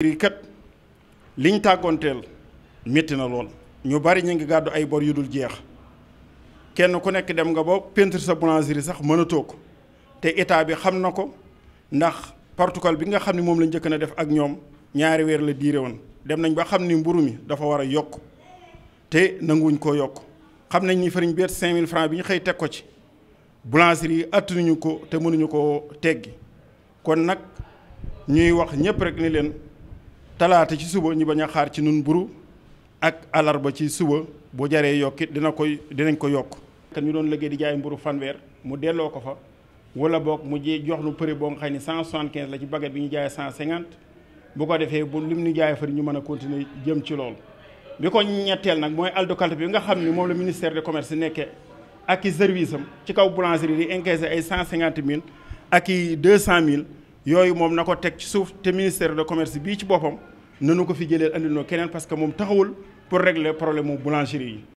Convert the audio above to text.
yi kat liñ tàggoonteel métti na lool ñu bari ñu ngi gàddu ay bor yu dul jeex kenn ku nekk dem nga ba peinture sa boulangerie sax mënatoo ko te état bi xam na ko ndax protocole bi nga xam ne moom la njëkk na def ak ñoom ñaari weer la diire woon dem nañ ba xam ni mburu mi dafa war a yokk te nanguwuñ ko yokk xam nañ ni fariñ beet 5000 francs bi ñu xëy teg ko ci boulangerie yi attanuñu ko te mënuñu koo teggi kon nag ñuy wax ñëpp rek ni leen. talaata ci suba ñi bañ a xaar ci nun mburu ak alarba ci suba bu jaree yokkit dina koy dinañ ko yokk kan ñu doon liggéey di jaay mburu fanweer mu delloo ko fa wala boog mu ji jox nu prix boo nga xam ne cent soixante-quinze la ci baguette bi ñu jaayee cent cinquante bu ko defee bu lim ñu jaayee fari ñu mën a continuer jëm ci loolu bi ko ñetteel nag mooy aldukalte bi nga xam ni moom la ministère de commerce nekke ak i service am ci kaw boulangerie di encaissé ay cent cinquante mille ak i deux cent mille yooyu moom na ko teg ci suuf te ministère de commerce bii ci boppam nanu ko fi jëlee andil noo keneen parce que moom taxawul pour régler problème mu boulangerie yi.